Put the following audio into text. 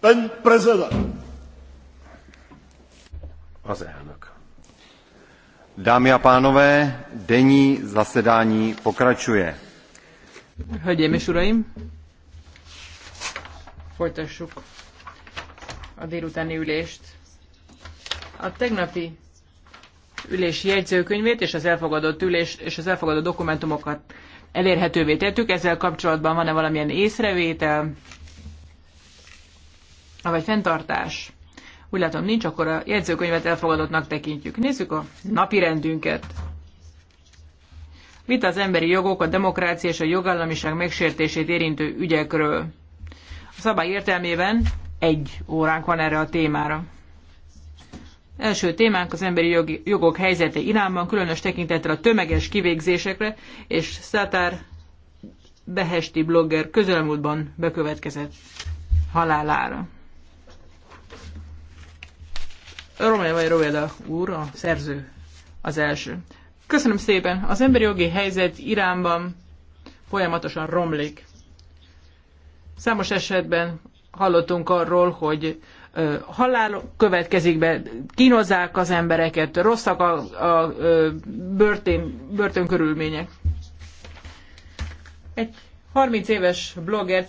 Az elnök. Dámy a pánové, denní zasedání pokračuje. Hölgyeim és uraim, folytassuk a délutáni ülést. A tegnapi ülési jegyzőkönyvét és az elfogadott ülés és az elfogadott dokumentumokat elérhetővé tettük. Ezzel kapcsolatban van-e valamilyen észrevétel? vagy fenntartás úgy látom nincs, akkor a jegyzőkönyvet elfogadottnak tekintjük. Nézzük a napi rendünket. Vita az emberi jogok, a demokrácia és a jogállamiság megsértését érintő ügyekről. A szabály értelmében egy óránk van erre a témára. Első témánk az emberi jogi, jogok helyzete Iránban, különös tekintettel a tömeges kivégzésekre, és Szátár Behesti blogger közelmúltban bekövetkezett halálára. Romeo vagy Roeda úr, a szerző az első. Köszönöm szépen. Az emberi jogi helyzet Iránban folyamatosan romlik. Számos esetben hallottunk arról, hogy halál következik be, kínozzák az embereket, rosszak a, a, a börtön, börtönkörülmények. Egy 30 éves blogger